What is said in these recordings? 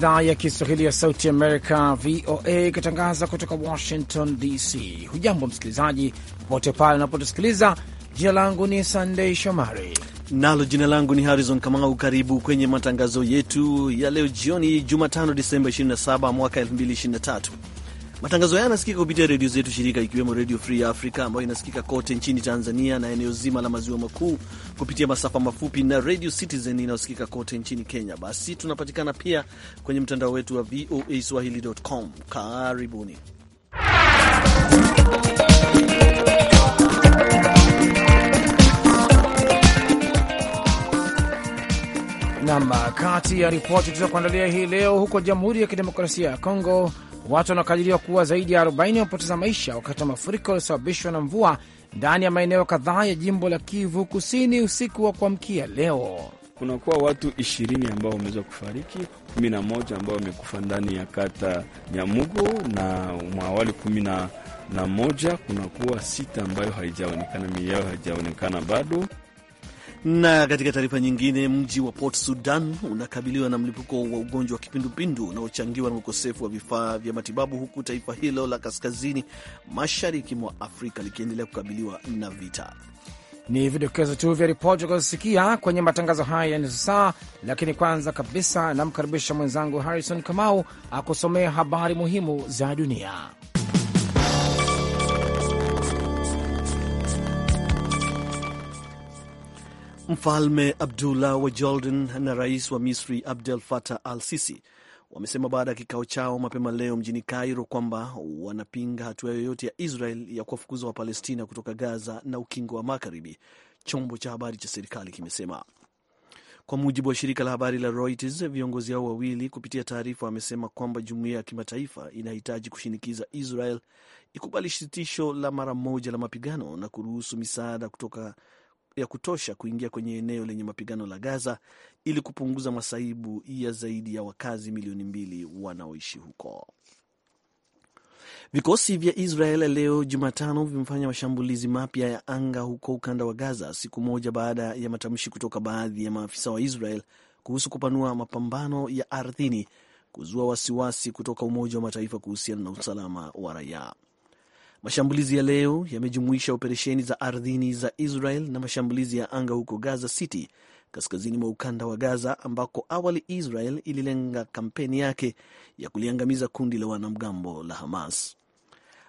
idhaa ya Kiswahili ya Sauti Amerika, VOA, ikitangaza kutoka Washington DC. Hujambo msikilizaji, popote pale unapotusikiliza. Jina langu ni Sandei Shomari nalo jina langu ni Harrison Kamau. Karibu kwenye matangazo yetu ya leo jioni, Jumatano Disemba 27 mwaka 2023 Matangazo haya yanasikika kupitia redio zetu shirika, ikiwemo Redio Free Africa ambayo inasikika kote nchini Tanzania na eneo zima la maziwa makuu kupitia masafa mafupi na Radio Citizen inayosikika kote nchini Kenya. Basi tunapatikana pia kwenye mtandao wetu wa VOA swahili.com. Karibuni. Nam, kati ya ripoti tulizokuandalia hii leo, huko Jamhuri ya Kidemokrasia ya Kongo Watu wanaokadiriwa kuwa zaidi ya 40 wamepoteza maisha wakati wa mafuriko yaliosababishwa na mvua ndani ya maeneo kadhaa ya jimbo la Kivu Kusini usiku wa kuamkia leo. Kunakuwa watu ishirini ambao wameweza kufariki, kumi na moja ambao wamekufa ndani ya kata Nyamugo na mwawali kumi na moja kunakuwa sita ambayo haijaonekana, miili yao haijaonekana bado. Na katika taarifa nyingine, mji wa Port Sudan unakabiliwa na mlipuko wa ugonjwa wa kipindupindu unaochangiwa na ukosefu wa vifaa vya matibabu, huku taifa hilo la kaskazini mashariki mwa Afrika likiendelea kukabiliwa na vita. Ni vidokezo tu vya ripoti akazosikia kwenye matangazo haya ya nusu saa, lakini kwanza kabisa namkaribisha mwenzangu Harrison Kamau akusomea habari muhimu za dunia. Mfalme Abdullah wa Jordan na rais wa Misri Abdel Fattah al Sisi wamesema baada ya kikao chao mapema leo mjini Cairo kwamba wanapinga hatua yoyote ya Israel ya kuwafukuza Wapalestina kutoka Gaza na Ukingo wa Magharibi, chombo cha habari cha serikali kimesema. Kwa mujibu wa shirika la habari la Reuters, viongozi hao wawili kupitia taarifa wamesema kwamba jumuiya ya kimataifa inahitaji kushinikiza Israel ikubali sitisho la mara moja la mapigano na kuruhusu misaada kutoka ya kutosha kuingia kwenye eneo lenye mapigano la Gaza ili kupunguza masaibu ya zaidi ya wakazi milioni mbili wanaoishi huko. Vikosi vya Israel leo Jumatano vimefanya mashambulizi mapya ya anga huko ukanda wa Gaza, siku moja baada ya matamshi kutoka baadhi ya maafisa wa Israel kuhusu kupanua mapambano ya ardhini kuzua wasiwasi kutoka Umoja wa Mataifa kuhusiana na usalama wa raia. Mashambulizi ya leo yamejumuisha operesheni za ardhini za Israel na mashambulizi ya anga huko Gaza City, kaskazini mwa ukanda wa Gaza, ambako awali Israel ililenga kampeni yake ya kuliangamiza kundi la wanamgambo la Hamas.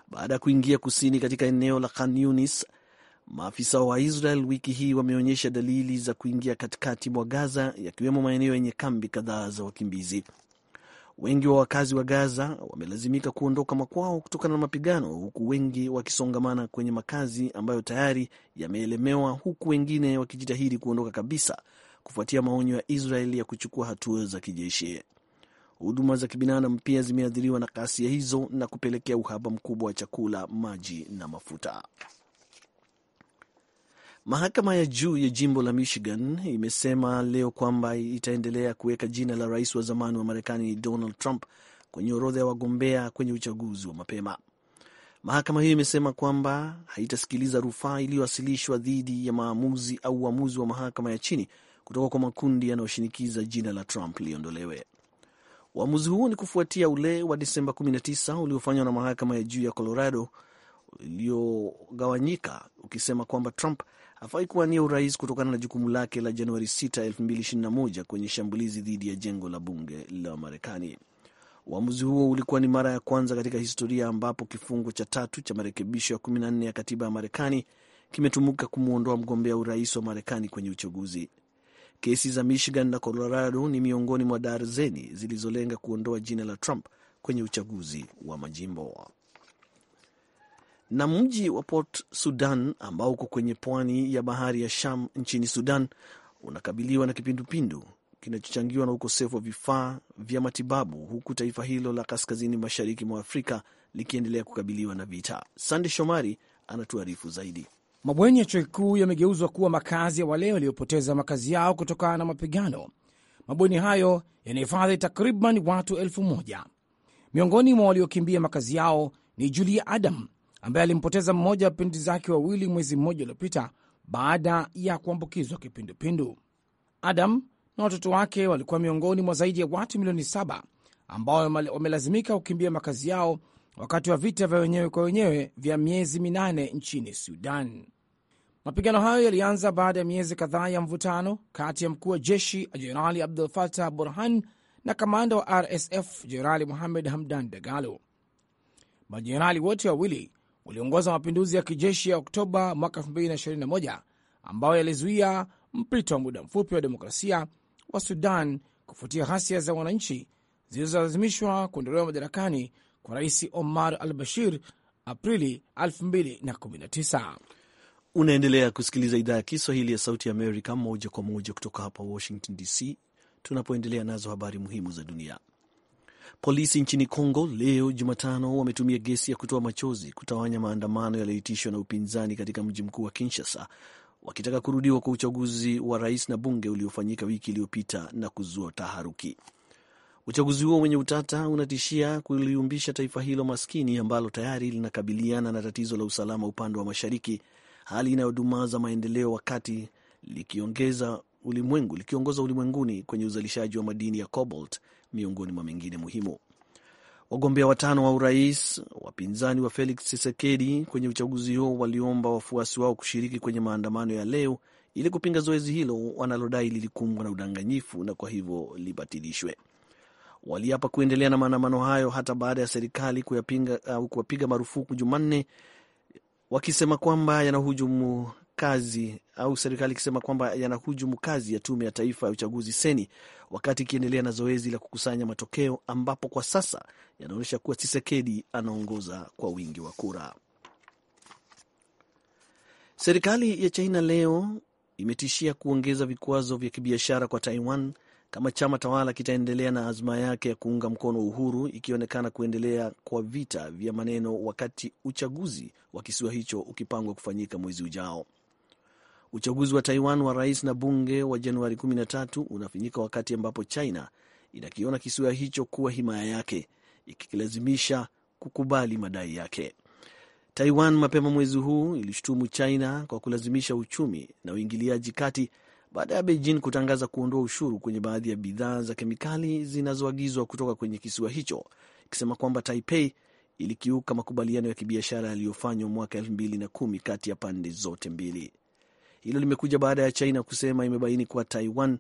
Baada ya kuingia kusini katika eneo la Khan Yunis, maafisa wa Israel wiki hii wameonyesha dalili za kuingia katikati mwa Gaza, yakiwemo maeneo yenye kambi kadhaa za wakimbizi. Wengi wa wakazi wa Gaza wamelazimika kuondoka makwao kutokana na mapigano, huku wengi wakisongamana kwenye makazi ambayo tayari yameelemewa, huku wengine wakijitahidi kuondoka kabisa kufuatia maonyo ya Israeli ya kuchukua hatua za kijeshi. Huduma za kibinadamu pia zimeathiriwa na ghasia hizo na kupelekea uhaba mkubwa wa chakula, maji na mafuta. Mahakama ya juu ya jimbo la Michigan imesema leo kwamba itaendelea kuweka jina la rais wa zamani wa Marekani Donald Trump kwenye orodha ya wagombea kwenye uchaguzi wa mapema. Mahakama hiyo imesema kwamba haitasikiliza rufaa iliyowasilishwa dhidi ya maamuzi au uamuzi wa mahakama ya chini kutoka kwa makundi yanayoshinikiza jina la Trump liondolewe. Uamuzi huo ni kufuatia ule wa Desemba 19 uliofanywa na mahakama ya juu ya Colorado iliyogawanyika ukisema kwamba Trump hafai kuwania urais kutokana na jukumu lake la Januari 6, 2021 kwenye shambulizi dhidi ya jengo la bunge la Marekani. Uamuzi huo ulikuwa ni mara ya kwanza katika historia ambapo kifungu cha tatu cha marekebisho ya 14 ya katiba ya Marekani kimetumika kumwondoa mgombea urais wa Marekani kwenye uchaguzi. Kesi za Michigan na Colorado ni miongoni mwa darzeni zilizolenga kuondoa jina la Trump kwenye uchaguzi wa majimbo na mji wa Port Sudan ambao uko kwenye pwani ya bahari ya Sham nchini Sudan unakabiliwa na kipindupindu kinachochangiwa na ukosefu wa vifaa vya matibabu, huku taifa hilo la kaskazini mashariki mwa Afrika likiendelea kukabiliwa na vita. Sande Shomari anatuarifu zaidi. Mabweni ya chuo kikuu yamegeuzwa kuwa makazi ya wale waliopoteza makazi yao kutokana na mapigano. Mabweni hayo yanahifadhi takriban watu elfu moja. Miongoni mwa waliokimbia makazi yao ni Julia Adam ambaye alimpoteza mmoja wa pindi zake wawili mwezi mmoja uliopita baada ya kuambukizwa kipindupindu. Adam na watoto wake walikuwa miongoni mwa zaidi ya watu milioni saba ambao wamelazimika kukimbia makazi yao wakati wa vita vya wenyewe kwa wenyewe vya miezi minane nchini Sudan. Mapigano hayo yalianza baada ya miezi kadhaa ya mvutano kati ya mkuu wa jeshi Jenerali Abdul Fatah Burhan na kamanda wa RSF Jenerali Muhamed Hamdan Dagalo. Majenerali wote wawili uliongoza mapinduzi ya kijeshi ya Oktoba mwaka 2021 ambayo yalizuia mpito wa muda mfupi wa demokrasia wa Sudan kufuatia ghasia za wananchi zilizolazimishwa kuondolewa madarakani kwa Rais Omar al Bashir Aprili 2019. Unaendelea kusikiliza idhaa ya Kiswahili ya Sauti ya Amerika moja kwa moja kutoka hapa Washington DC, tunapoendelea nazo habari muhimu za dunia. Polisi nchini Kongo leo Jumatano wametumia gesi ya kutoa machozi kutawanya maandamano yaliyoitishwa na upinzani katika mji mkuu wa Kinshasa, wakitaka kurudiwa kwa uchaguzi wa rais na bunge uliofanyika wiki iliyopita na kuzua taharuki. Uchaguzi huo wenye utata unatishia kuliumbisha taifa hilo maskini ambalo tayari linakabiliana na tatizo la usalama upande wa mashariki, hali inayodumaza maendeleo wakati likiongeza ulimwengu likiongoza ulimwenguni kwenye uzalishaji wa madini ya cobalt miongoni mwa mengine muhimu. Wagombea watano wa urais wapinzani wa Felix chisekedi kwenye uchaguzi huo waliomba wafuasi wao kushiriki kwenye maandamano ya leo ili kupinga zoezi hilo wanalodai lilikumbwa na udanganyifu na kwa hivyo libatilishwe. Waliapa kuendelea na maandamano hayo hata baada ya serikali kuyapinga au kuwapiga marufuku Jumanne, wakisema kwamba yanahujumu kazi au serikali ikisema kwamba yanahujumu kazi ya Tume ya Taifa ya Uchaguzi seni wakati ikiendelea na zoezi la kukusanya matokeo ambapo kwa sasa yanaonyesha kuwa Chisekedi anaongoza kwa wingi wa kura. Serikali ya China leo imetishia kuongeza vikwazo vya kibiashara kwa Taiwan kama chama tawala kitaendelea na azma yake ya kuunga mkono uhuru, ikionekana kuendelea kwa vita vya maneno, wakati uchaguzi wa kisiwa hicho ukipangwa kufanyika mwezi ujao. Uchaguzi wa Taiwan wa rais na bunge wa Januari 13 unafanyika wakati ambapo China inakiona kisiwa hicho kuwa himaya yake, ikikilazimisha kukubali madai yake. Taiwan mapema mwezi huu ilishutumu China kwa kulazimisha uchumi na uingiliaji kati baada ya Beijing kutangaza kuondoa ushuru kwenye baadhi ya bidhaa za kemikali zinazoagizwa kutoka kwenye kisiwa hicho, ikisema kwamba Taipei ilikiuka makubaliano ya kibiashara yaliyofanywa mwaka 2010 kati ya pande zote mbili. Hilo limekuja baada ya China kusema imebaini kuwa Taiwan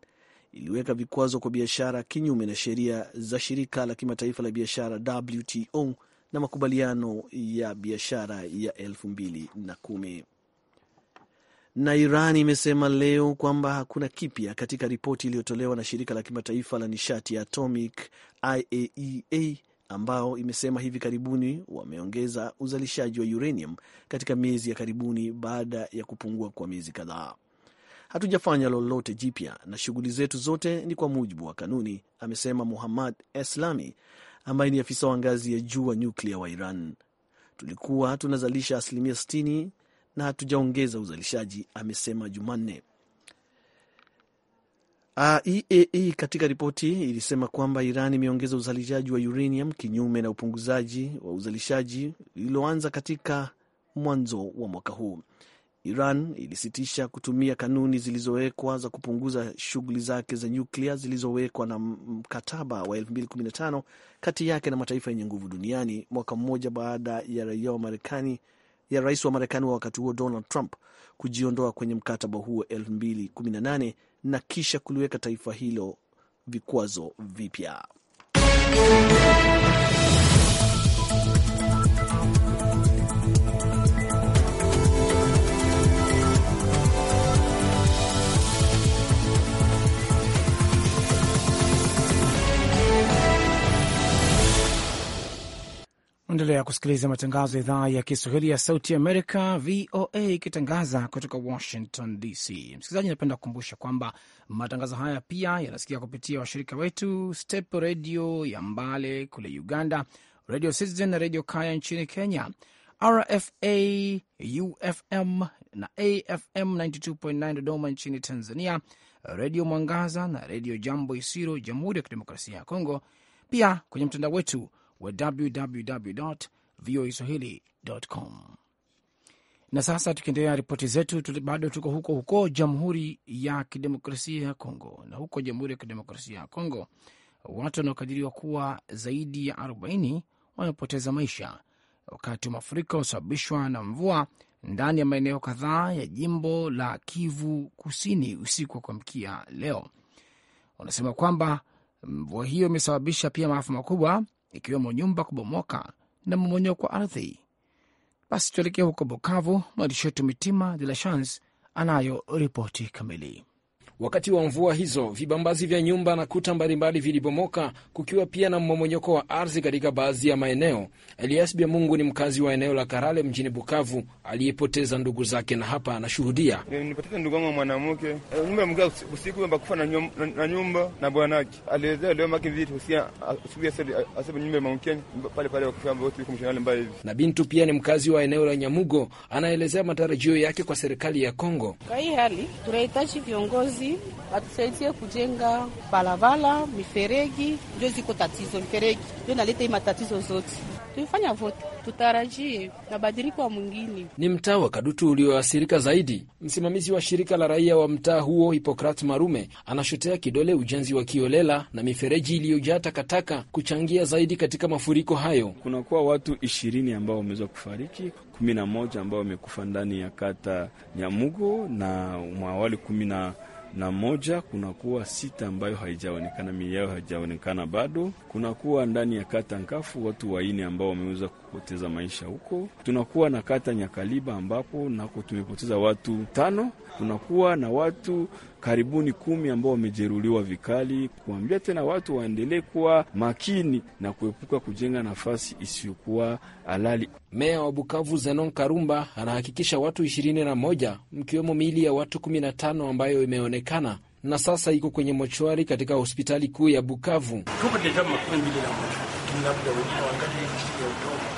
iliweka vikwazo kwa biashara kinyume na sheria za shirika la kimataifa la biashara WTO na makubaliano ya biashara ya kumi. Na Iran imesema leo kwamba hakuna kipya katika ripoti iliyotolewa na shirika la kimataifa la nishati ya atomic IAEA e ambao imesema hivi karibuni wameongeza uzalishaji wa uranium katika miezi ya karibuni baada ya kupungua kwa miezi kadhaa. Hatujafanya lolote jipya na shughuli zetu zote ni kwa mujibu wa kanuni, amesema Muhammad Eslami ambaye ni afisa wa ngazi ya juu wa nyuklia wa Iran. Tulikuwa tunazalisha asilimia 60 na hatujaongeza uzalishaji, amesema Jumanne. IAEA ah, e katika ripoti ilisema kwamba Iran imeongeza uzalishaji wa uranium kinyume na upunguzaji wa uzalishaji lililoanza katika mwanzo wa mwaka huu. Iran ilisitisha kutumia kanuni zilizowekwa za kupunguza shughuli zake za nyuklia zilizowekwa na mkataba wa 2015 kati yake na mataifa yenye nguvu duniani mwaka mmoja baada ya raia wa Marekani ya rais wa Marekani wa wakati huo Donald Trump kujiondoa kwenye mkataba huo 2018 na kisha kuliweka taifa hilo vikwazo vipya. Unaendelea kusikiliza matangazo ya idhaa ya Kiswahili ya Sauti Amerika, VOA, ikitangaza kutoka Washington DC. Msikilizaji, napenda kukumbusha kwamba matangazo haya pia yanasikika kupitia washirika wetu Step Redio ya Mbale kule Uganda, Radio Citizen na Redio Kaya nchini Kenya, RFA, UFM na AFM 92.9 Dodoma nchini Tanzania, Redio Mwangaza na Redio Jambo Isiro, Jamhuri ya Kidemokrasia ya Kongo, pia kwenye mtandao wetu wa www voa Na sasa tukiendelea ripoti zetu, bado tuko huko huko Jamhuri ya Kidemokrasia ya Kongo. Na huko Jamhuri ya Kidemokrasia ya Kongo, watu wanaokadiriwa kuwa zaidi ya 40 wamepoteza maisha wakati wa mafuriko waliosababishwa na mvua ndani ya maeneo kadhaa ya jimbo la Kivu Kusini usiku wa kuamkia leo. Wanasema kwamba mvua hiyo imesababisha pia maafa makubwa ikiwemo nyumba kubomoka na mmomonyoko kwa ardhi. Basi tuelekea huko Bukavu. Mwandishi wetu Mitima De La Chance anayo ripoti kamili. Wakati wa mvua hizo, vibambazi vya nyumba na kuta mbalimbali vilibomoka, kukiwa pia na mmomonyoko wa ardhi katika baadhi ya maeneo. Elias Biamungu ni mkazi wa eneo la Karale mjini Bukavu aliyepoteza ndugu zake, na hapa anashuhudia. Nilipoteza ndugu wangu mwanamke, nyumba eh, usiku bakufa na nyumba na bwanake aliwezea leo maki vitu asubuhi nyumba ya pale pale wakufa mbaya hivi. Na Bintu pia ni mkazi wa eneo la Nyamugo, anaelezea matarajio yake kwa serikali ya Kongo. Kwa hii hali tunahitaji viongozi atusaidie watusaidie kujenga balabala, miferegi ndio ziko tatizo, miferegi ndio naleta hii matatizo zote. Tuifanya vote, tutarajie mabadiliko mwingine. Ni mtaa wa Kadutu ulioathirika zaidi. Msimamizi wa shirika la raia wa mtaa huo Hipokrat Marume anashotea kidole ujenzi wa kiolela na mifereji iliyojaa takataka kuchangia zaidi katika mafuriko hayo. Kunakuwa watu ishirini ambao wameweza kufariki, kumi na moja ambao wamekufa ndani ya kata Nyamugo na mwawali kumi na na moja, kunakuwa sita ambayo haijaonekana, mili yao haijaonekana bado. Kunakuwa ndani ya kata Nkafu watu waine ambao wameweza kupoteza maisha huko. Tunakuwa na kata Nyakaliba ambapo nako tumepoteza watu tano kunakuwa na watu karibuni kumi ambao wamejeruliwa vikali. Kuambia tena watu waendelee kuwa makini na kuepuka kujenga nafasi isiyokuwa halali. Meya wa Bukavu Zenon Karumba anahakikisha watu ishirini na moja mkiwemo miili ya watu kumi na tano ambayo imeonekana na sasa iko kwenye mochwari katika hospitali kuu ya Bukavu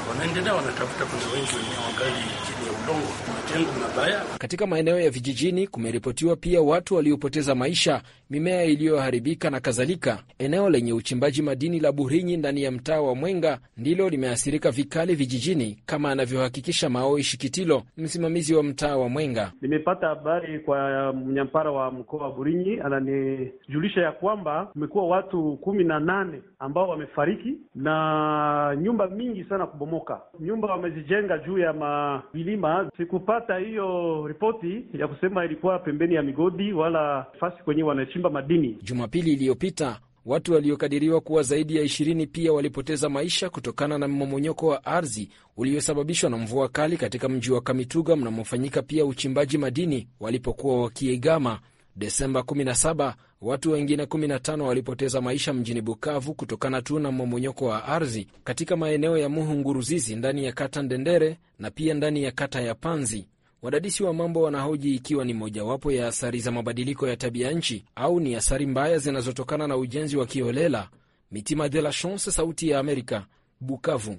wanaendelea wanatafuta. Kuna wengi wenyewe wangali chini ya udongo, matengo mabaya. Katika maeneo ya vijijini kumeripotiwa pia watu waliopoteza maisha, mimea iliyoharibika na kadhalika. Eneo lenye uchimbaji madini la Burinyi ndani ya mtaa wa Mwenga ndilo limeathirika vikali vijijini, kama anavyohakikisha Maoi Shikitilo, msimamizi wa mtaa wa Mwenga. Nimepata habari kwa mnyampara wa mkoa wa Burinyi, ananijulisha ya kwamba kumekuwa watu kumi na nane ambao wamefariki na nyumba mingi sana kubomoka kubomoka nyumba wamezijenga juu ya mavilima. Sikupata hiyo ripoti ya kusema ilikuwa pembeni ya migodi wala fasi kwenye wanachimba madini. Jumapili iliyopita watu waliokadiriwa kuwa zaidi ya ishirini pia walipoteza maisha kutokana na mmomonyoko wa ardhi uliosababishwa na mvua kali katika mji wa Kamituga mnamofanyika pia uchimbaji madini walipokuwa wakiegama Desemba 17 watu wengine 15 walipoteza maisha mjini Bukavu kutokana tu na mmomonyoko wa ardhi katika maeneo ya Muhunguruzizi ndani ya kata Ndendere na pia ndani ya kata ya Panzi. Wadadisi wa mambo wanahoji ikiwa ni mojawapo ya athari za mabadiliko ya tabia nchi au ni athari mbaya zinazotokana na ujenzi wa kiolela. Mitima de la Chance, Sauti ya Amerika, Bukavu.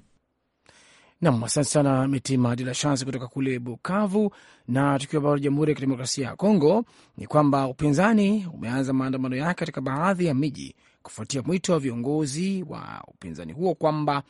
Nam, asante sana Mitima De La Chance kutoka kule Bukavu. Na tukiwa bado Jamhuri ya Kidemokrasia ya Kongo, ni kwamba upinzani umeanza maandamano yake katika baadhi ya miji kufuatia mwito wa viongozi wa upinzani huo kwamba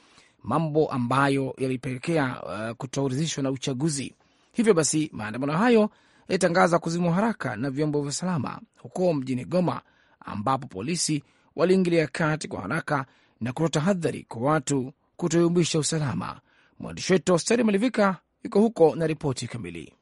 mambo ambayo yalipelekea uh, kutoridhishwa na uchaguzi. Hivyo basi maandamano hayo yalitangaza kuzimwa haraka na vyombo vya usalama huko mjini Goma, ambapo polisi waliingilia kati kwa haraka na kutoa tahadhari kwa watu kutoyumbisha usalama Mwandishi wetu Hosteri Malivika yuko huko na ripoti kamili.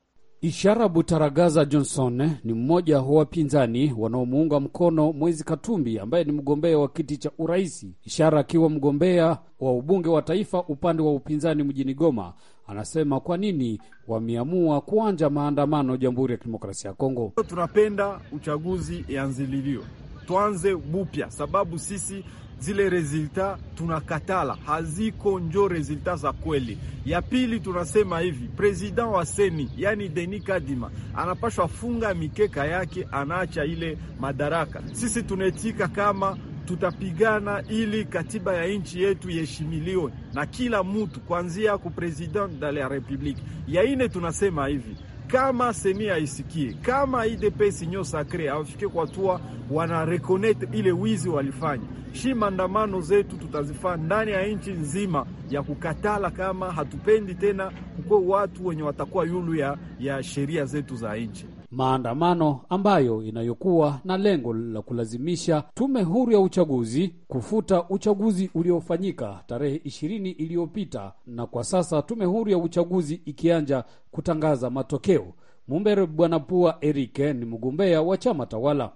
Ishara Butaragaza Johnson ni mmoja wa wapinzani wanaomuunga mkono Mwezi Katumbi ambaye ni mgombea wa kiti cha uraisi Ishara akiwa mgombea wa ubunge wa taifa upande wa upinzani mjini Goma, anasema kwa nini wameamua kuanja maandamano Jamhuri ya Kidemokrasia ya Kongo. Tunapenda uchaguzi ianzililio, tuanze bupya, sababu sisi zile resulta tunakatala, haziko njo resulta za kweli. Ya pili tunasema hivi, president wa seni yani Denis Kadima anapashwa funga mikeka yake, anaacha ile madaraka. Sisi tunaitika kama tutapigana ili katiba ya nchi yetu iheshimiliwe na kila mtu, kuanzia ku president de la republique. Yaine tunasema hivi kama seni aisikie, kama idepe sinyo sakre awafike kwa tua wana rekonete ile wizi walifanya. Shi maandamano zetu tutazifaa ndani ya nchi nzima ya kukatala, kama hatupendi tena kukuwa watu wenye watakuwa yulu ya, ya sheria zetu za nchi maandamano ambayo inayokuwa na lengo la kulazimisha tume huru ya uchaguzi kufuta uchaguzi uliofanyika tarehe ishirini iliyopita, na kwa sasa tume huru ya uchaguzi ikianja kutangaza matokeo. Mumbere Bwana Pua Erike ni mgombea wa chama tawala.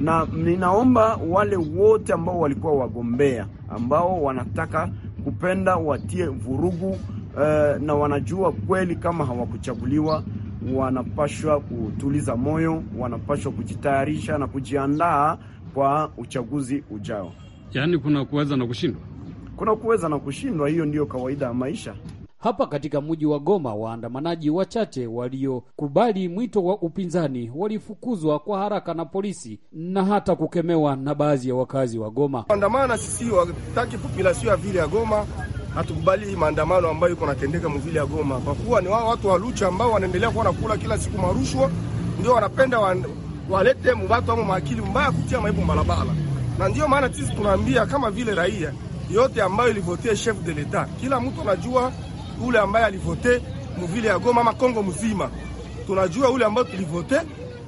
Na ninaomba wale wote ambao walikuwa wagombea ambao wanataka kupenda watie vurugu, eh, na wanajua kweli kama hawakuchaguliwa wanapashwa kutuliza moyo, wanapashwa kujitayarisha na kujiandaa kwa uchaguzi ujao. Yaani kuna kuweza na kushindwa, kuna kuweza na kushindwa, hiyo ndiyo kawaida ya maisha. Hapa katika mji wa Goma, waandamanaji wachache waliokubali mwito wa upinzani walifukuzwa kwa haraka na polisi na hata kukemewa na baadhi ya wakazi wa Goma. Andamana sisi wataki populasio ya vile ya Goma hatukubali hii maandamano ambayo iko natendeka mvili ya Goma, kwa kuwa ni wao watu wa Lucha ambao wanaendelea kuwa nakula kila siku marushwa, ndio wanapenda wa, walete mubatu ama maakili mbaya kutia maipo barabara, na ndio maana sisi tunaambia kama vile raia yote ambayo ilivotea chef de l'etat, kila mtu anajua ule ambaye alivote mvili ya Goma ama Kongo mzima, tunajua ule ambao tulivote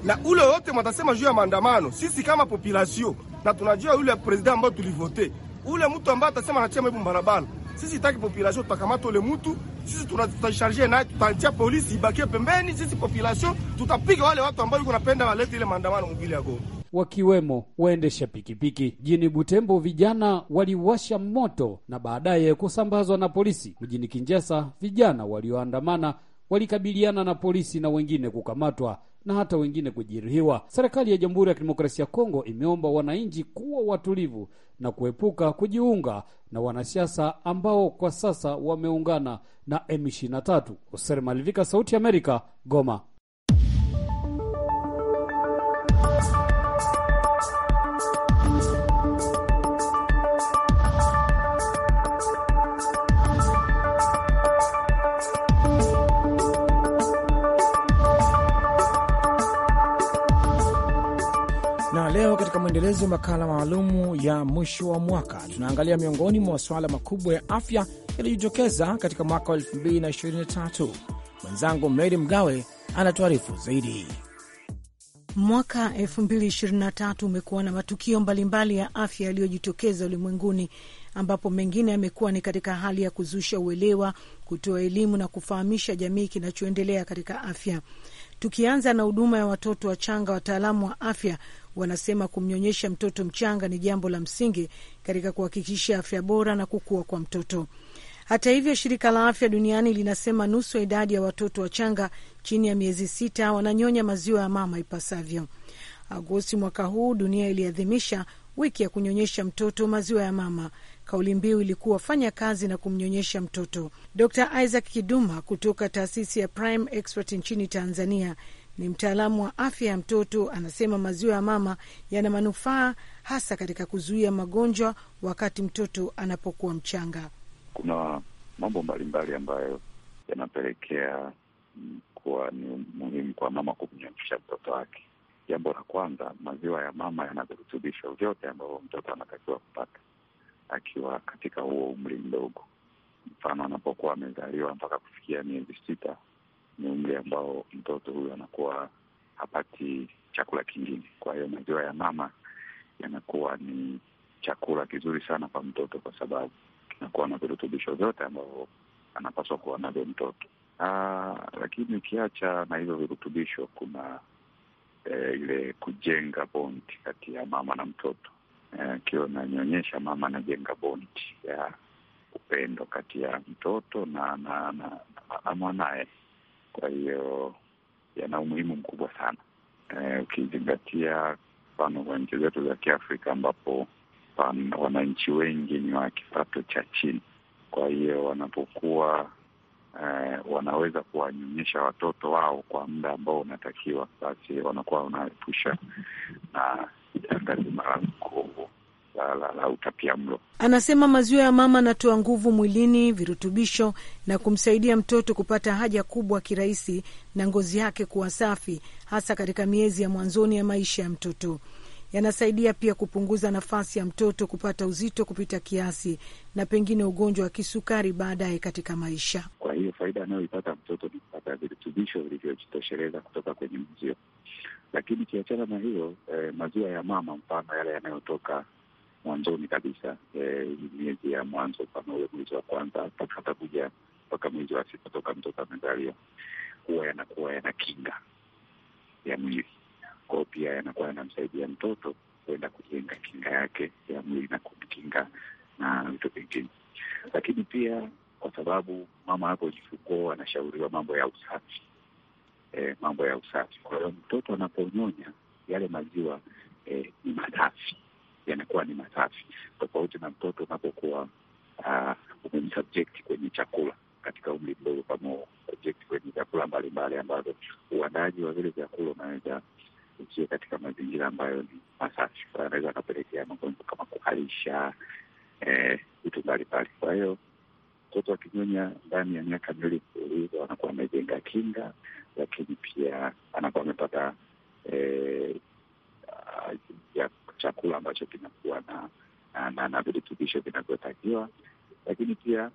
na ule wote mtasema juu ya maandamano, sisi kama population, na tunajua ule president ambao tulivote, ule mtu ambaye atasema anachema maipo barabara sisi taki population tutakamata ule mtu, sisi tutasharge naye, tutantia polisi ibakie pembeni. Sisi population tutapiga wale watu ambao napenda walete ile maandamano mubili ya Goma, wakiwemo waendesha pikipiki. Jini Butembo, vijana waliwasha moto na baadaye kusambazwa na polisi. Mjini Kinjasa, vijana walioandamana walikabiliana na polisi na wengine kukamatwa na hata wengine kujeruhiwa. Serikali ya Jamhuri ya Kidemokrasia ya Kongo imeomba wananchi kuwa watulivu na kuepuka kujiunga na wanasiasa ambao kwa sasa wameungana na M23. Hoser Malivika, Sauti ya Amerika, Goma. mwendelezo wa makala maalumu ya mwisho wa mwaka, tunaangalia miongoni mwa masuala makubwa ya afya yaliyojitokeza katika mwaka wa 2023. Mwenzangu Meri Mgawe anatuarifu zaidi. Mwaka 2023 umekuwa na matukio mbalimbali ya afya yaliyojitokeza ulimwenguni, ambapo mengine yamekuwa ni katika hali ya kuzusha uelewa, kutoa elimu na kufahamisha jamii kinachoendelea katika afya. Tukianza na huduma ya watoto wachanga, wataalamu wa afya wanasema kumnyonyesha mtoto mchanga ni jambo la msingi katika kuhakikisha afya bora na kukua kwa mtoto. Hata hivyo, shirika la afya duniani linasema nusu ya idadi ya watoto wachanga chini ya miezi sita wananyonya maziwa ya mama ipasavyo. Agosti mwaka huu dunia iliadhimisha wiki ya kunyonyesha mtoto maziwa ya mama. Kauli mbiu ilikuwa fanya kazi na kumnyonyesha mtoto. Dr Isaac Kiduma kutoka taasisi ya Prime Expert nchini Tanzania ni mtaalamu wa afya ya mtoto, anasema maziwa ya mama yana manufaa hasa katika kuzuia magonjwa wakati mtoto anapokuwa mchanga. Kuna mambo mbalimbali ambayo yanapelekea mm, kuwa ni muhimu kwa mama kumnyonyesha mtoto wake. Jambo la kwanza, maziwa ya mama yana virutubisho vyote ambavyo mtoto anatakiwa kupata akiwa katika huo umri mdogo, mfano anapokuwa amezaliwa mpaka kufikia miezi sita ni umri ambao mtoto huyu anakuwa hapati chakula kingine. Kwa hiyo maziwa ya mama yanakuwa ni chakula kizuri sana kwa mtoto, kwa sababu kinakuwa na virutubisho vyote ambavyo anapaswa kuwa navyo mtoto. Aa, ah, lakini ukiacha na hivyo virutubisho, kuna e, ile kujenga bondi kati ya mama na mtoto. Akiwa eh, e, nanyonyesha, mama anajenga bondi ya upendo kati ya mtoto na na, na, na, na mwanaye kwa hiyo yana umuhimu mkubwa sana eh, ukizingatia mfano kwa nchi zetu za Kiafrika ambapo wananchi wengi ni wa kipato cha chini. Kwa hiyo wanapokuwa eh, wanaweza kuwanyonyesha watoto wao kwa muda ambao unatakiwa, basi wanakuwa wanaepusha na janga zima la la, la, la utapia mlo. Anasema maziwa ya mama anatoa nguvu mwilini, virutubisho na kumsaidia mtoto kupata haja kubwa kirahisi na ngozi yake kuwa safi, hasa katika miezi ya mwanzoni ya maisha ya mtoto. Yanasaidia pia kupunguza nafasi ya mtoto kupata uzito kupita kiasi na pengine ugonjwa wa kisukari baadaye katika maisha. Kwa hiyo faida anayoipata mtoto ni kupata virutubisho vilivyojitosheleza kutoka kwenye maziwa, lakini kiachana na hiyo eh, maziwa ya mama mfano yale yanayotoka mwanzoni kabisa eh, miezi ya mwanzo kama ule mwezi wa kwanza mpaka hata kuja mpaka mwezi wa sita toka mtoto amezaliwa, huwa yanakuwa yana kinga ya mwili kwao, pia yanakuwa yanamsaidia mtoto kuenda kujenga kinga yake ya mwili na kumkinga na vitu vingine. Lakini pia kwa sababu mama jifungua anashauriwa mambo ya usafi eh, mambo ya usafi. Kwa hiyo mtoto anaponyonya yale maziwa eh, ni madafi yanakuwa ni masafi, tofauti na mtoto unapokuwa uh, kwenye chakula katika umri mdogo, kama kwenye vyakula mbalimbali ambavyo uandaji wa vile vyakula unaweza usie katika mazingira ambayo ni masafi, anaweza akapelekea magonjwa kama kuharisha eh, vitu eh, mbalimbali. Kwa hiyo mtoto akinyonya ndani ya miaka miwili mfululizo anakuwa amejenga kinga, lakini pia anakuwa amepata eh, ah, chakula ambacho kinakuwa na na, na, na virutubisho vinavyotakiwa, lakini pia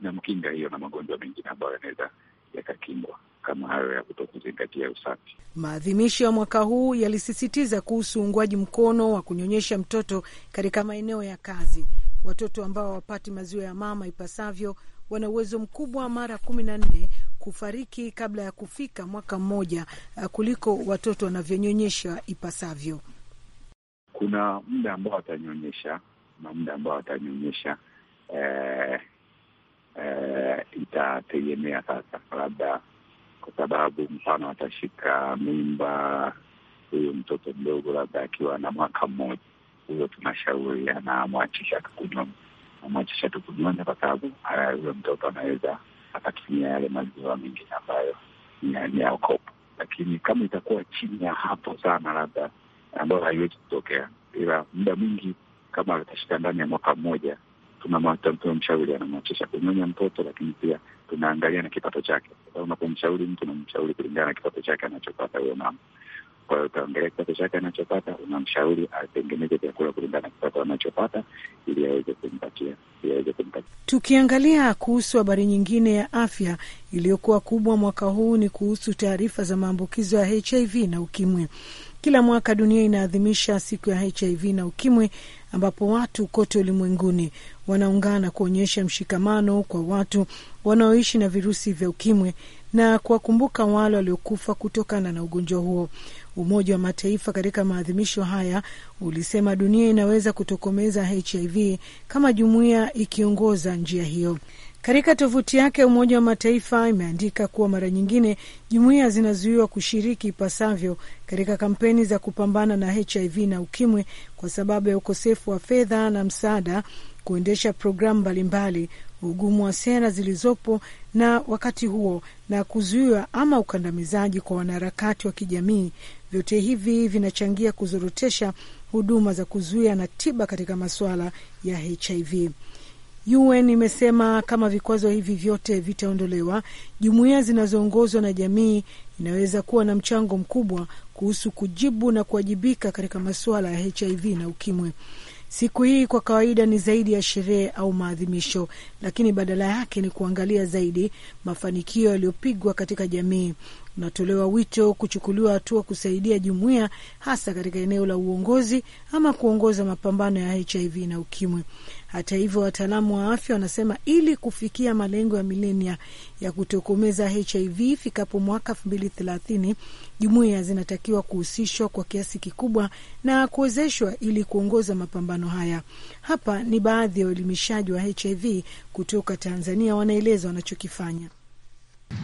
inamkinga hiyo na magonjwa mengine ambayo yanaweza yakakingwa kama hayo ya kutokuzingatia usafi. Maadhimisho ya mwaka huu yalisisitiza kuhusu uungwaji mkono wa kunyonyesha mtoto katika maeneo ya kazi. Watoto ambao hawapati maziwa ya mama ipasavyo wana uwezo mkubwa mara kumi na nne kufariki kabla ya kufika mwaka mmoja eh, kuliko watoto wanavyonyonyesha ipasavyo kuna muda ambao watanionyesha na muda ambao watanionyesha eh, eh, itategemea sasa, labda kwa sababu mfano atashika mimba huyu mtoto mdogo, labda akiwa na mwaka mmoja, huyo tunashauri anamwachisha tukunyonya, anamwachisha tukunyonya, kwa sababu huyo mtoto anaweza akatumia yale maziwa mengine ambayo ni ya kopo, lakini kama itakuwa chini ya hapo sana, labda ambayo haiwezi kutokea, ila muda mwingi kama atashika ndani ya mwaka mmoja, tunamshauri anamwachisha kunyonya mtoto, lakini pia tunaangalia na kipato chake. Unapomshauri mtu unamshauri kulingana na kipato chake anachopata huyo mama. Kwa hiyo utaangalia kipato chake anachopata, unamshauri atengeneze vyakula kulingana na kipato anachopata ili aweze kumpatia ili aweze kumpatia. Tukiangalia kuhusu habari nyingine ya afya iliyokuwa kubwa mwaka huu ni kuhusu taarifa za maambukizo ya HIV na ukimwi. Kila mwaka dunia inaadhimisha siku ya HIV na ukimwi, ambapo watu kote ulimwenguni wanaungana kuonyesha mshikamano kwa watu wanaoishi na virusi vya ukimwi na kuwakumbuka wale waliokufa kutokana na ugonjwa huo. Umoja wa Mataifa katika maadhimisho haya ulisema dunia inaweza kutokomeza HIV kama jumuiya ikiongoza njia hiyo. Katika tovuti yake Umoja wa Mataifa imeandika kuwa mara nyingine jumuiya zinazuiwa kushiriki ipasavyo katika kampeni za kupambana na HIV na ukimwi kwa sababu ya ukosefu wa fedha na msaada, kuendesha programu mbalimbali, ugumu wa sera zilizopo na wakati huo, na kuzuiwa ama ukandamizaji kwa wanaharakati wa kijamii. Vyote hivi vinachangia kuzorotesha huduma za kuzuia na tiba katika masuala ya HIV. UN imesema kama vikwazo hivi vyote vitaondolewa, jumuiya zinazoongozwa na jamii inaweza kuwa na mchango mkubwa kuhusu kujibu na kuwajibika katika masuala ya HIV na ukimwi. Siku hii kwa kawaida ni zaidi ya sherehe au maadhimisho, lakini badala yake ni kuangalia zaidi mafanikio yaliyopigwa katika jamii. Unatolewa wito kuchukuliwa hatua kusaidia jumuiya, hasa katika eneo la uongozi ama kuongoza mapambano ya HIV na ukimwi. Hata hivyo, wataalamu wa afya wanasema ili kufikia malengo ya milenia ya kutokomeza HIV ifikapo mwaka elfu mbili thelathini, jumuiya zinatakiwa kuhusishwa kwa kiasi kikubwa na kuwezeshwa ili kuongoza mapambano haya. Hapa ni baadhi ya waelimishaji wa HIV kutoka Tanzania wanaeleza wanachokifanya.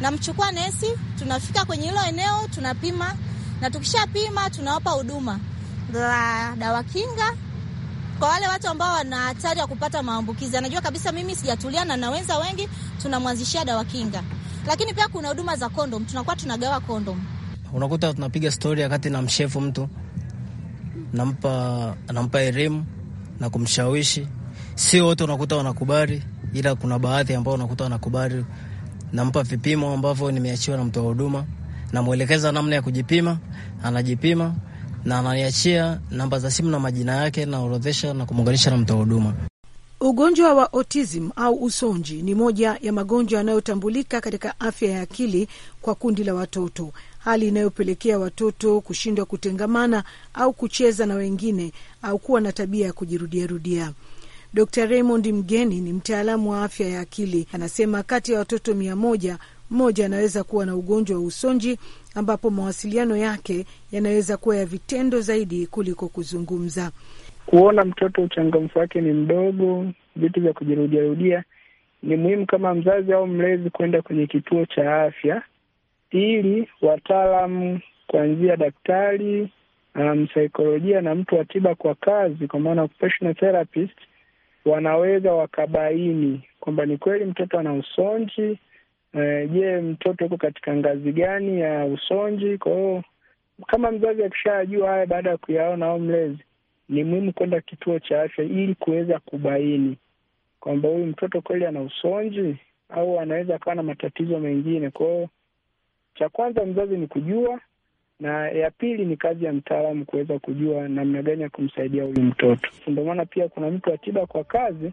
Namchukua nesi, tunafika kwenye hilo eneo, tunapima na tukishapima tunawapa huduma la dawa kinga kwa wale watu ambao wana hatari ya kupata maambukizi, anajua kabisa mimi sijatuliana na naweza, wengi, tunamwanzishia dawa kinga. Lakini pia kuna huduma za kondom, tunakuwa tunagawa kondom. Unakuta tunapiga stori wakati na mshefu mtu nampa nampa elimu na kumshawishi. Sio wote unakuta wanakubali, ila kuna baadhi ambao unakuta wanakubali. Nampa vipimo ambavyo nimeachiwa na wa huduma, namwelekeza namna ya kujipima, anajipima na ananiachia namba za simu na majina yake, naorodhesha na kumuunganisha na mtoa huduma. Ugonjwa wa autism au usonji ni moja ya magonjwa yanayotambulika katika afya ya akili kwa kundi la watoto, hali inayopelekea watoto kushindwa kutengamana au kucheza na wengine au kuwa na tabia ya kujirudiarudia. Dr Raymond Mgeni ni mtaalamu wa afya ya akili, anasema kati ya watoto mia moja mmoja anaweza kuwa na ugonjwa wa usonji ambapo mawasiliano yake yanaweza kuwa ya vitendo zaidi kuliko kuzungumza. Kuona mtoto uchangamfu wake ni mdogo, vitu vya kujirudiarudia, ni muhimu kama mzazi au mlezi kwenda kwenye kituo cha afya ili wataalam kuanzia daktari, msaikolojia um, na mtu wa tiba kwa kazi, kwa maana occupational therapist, wanaweza wakabaini kwamba ni kweli mtoto ana usonji Eh, je, uh, mtoto uko katika ngazi gani ya usonji. Kwa hiyo kama mzazi akishajua haya baada ya kuyaona au mlezi, ni muhimu kwenda kituo cha afya ili kuweza kubaini kwamba huyu mtoto kweli ana usonji au anaweza akawa na matatizo mengine. Kwa hiyo cha kwanza mzazi ni kujua, na ya pili ni kazi ya mtaalamu kuweza kujua namna gani ya kumsaidia huyu mtoto. Ndio maana pia kuna mtu wa tiba kwa kazi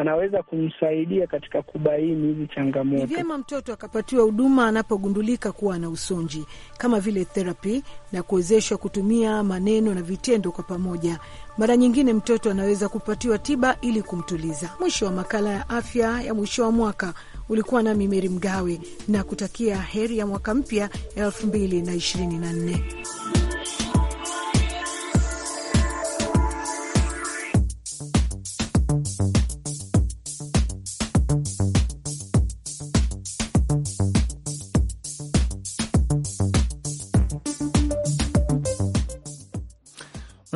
anaweza kumsaidia katika kubaini hizi changamoto. Ni vyema mtoto akapatiwa huduma anapogundulika kuwa ana usonji kama vile therapy na kuwezeshwa kutumia maneno na vitendo kwa pamoja. Mara nyingine mtoto anaweza kupatiwa tiba ili kumtuliza. Mwisho wa makala ya afya ya mwisho wa mwaka ulikuwa nami Meri Mgawe na kutakia heri ya mwaka mpya 2024.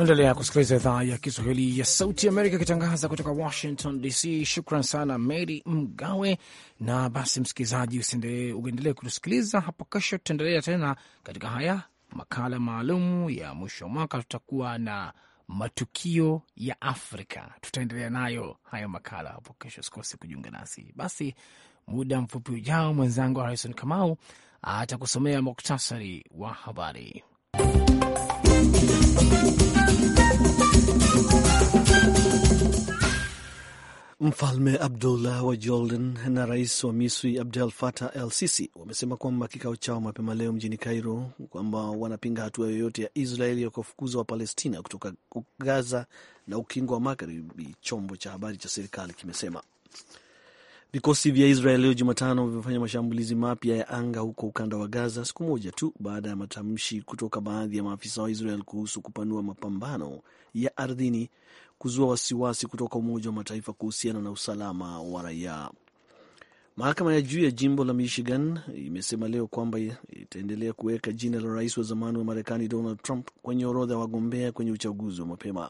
Naendelea kusikiliza idhaa ya Kiswahili ya Sauti Amerika ikitangaza kutoka Washington DC. Shukran sana Mary Mgawe. Na basi, msikilizaji, usiendelee kutusikiliza hapo. Kesho tutaendelea tena katika haya makala maalum ya mwisho wa mwaka, tutakuwa na matukio ya Afrika, tutaendelea nayo hayo makala hapo kesho. Sikose kujiunga nasi. Basi muda mfupi ujao, mwenzangu Harrison Kamau atakusomea muktasari wa habari. Mfalme Abdullah wa Jordan na rais wa Misri Abdel Fattah El Sisi wamesema kwamba kikao chao mapema leo mjini Cairo kwamba wanapinga hatua yoyote ya Israeli ya wa Wapalestina kutoka Gaza na Ukingo wa Magharibi, chombo cha habari cha serikali kimesema. Vikosi vya Israel leo Jumatano vimefanya mashambulizi mapya ya anga huko ukanda wa Gaza, siku moja tu baada ya matamshi kutoka baadhi ya maafisa wa Israel kuhusu kupanua mapambano ya ardhini kuzua wasiwasi kutoka Umoja wa Mataifa kuhusiana na usalama wa raia. Mahakama ya juu ya jimbo la Michigan imesema leo kwamba itaendelea kuweka jina la rais wa zamani wa Marekani Donald Trump kwenye orodha ya wagombea kwenye uchaguzi wa mapema.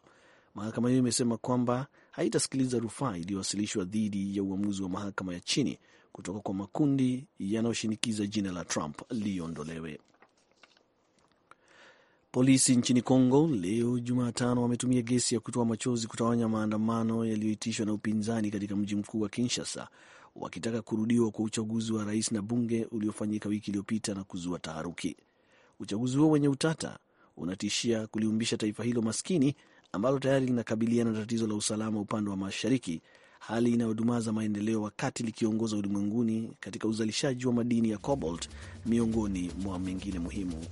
Mahakama hiyo imesema kwamba haitasikiliza rufaa iliyowasilishwa dhidi ya uamuzi wa mahakama ya chini kutoka kwa makundi yanayoshinikiza jina la Trump liondolewe. Polisi nchini congo leo Jumatano wametumia gesi ya kutoa machozi kutawanya maandamano yaliyoitishwa na upinzani katika mji mkuu wa Kinshasa, wakitaka kurudiwa kwa uchaguzi wa rais na bunge uliofanyika wiki iliyopita na kuzua taharuki. Uchaguzi huo wenye utata unatishia kuliumbisha taifa hilo maskini ambalo tayari linakabiliana na tatizo la usalama upande wa mashariki, hali inayodumaza maendeleo wakati likiongoza ulimwenguni katika uzalishaji wa madini ya cobalt miongoni mwa mengine muhimu.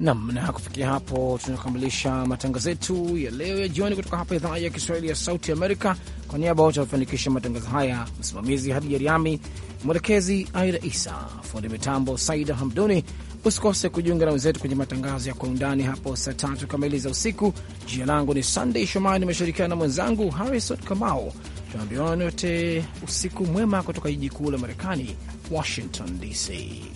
Nam, na kufikia hapo tunakamilisha matangazo yetu ya leo ya jioni kutoka hapa idhaa ya Kiswahili ya Sauti Amerika. Kwa niaba wote wamefanikisha matangazo haya, msimamizi Hadija Riami, mwelekezi Aida Isa, fundi mitambo Saida Hamduni. Usikose kujiunga na wenzetu kwenye matangazo ya kwa undani hapo saa tatu kamili za usiku. Jina langu ni Sunday Shomani, nimeshirikiana na mwenzangu Harrison Kamau. Tunaambiana yote usiku mwema kutoka jiji kuu la Marekani, Washington DC.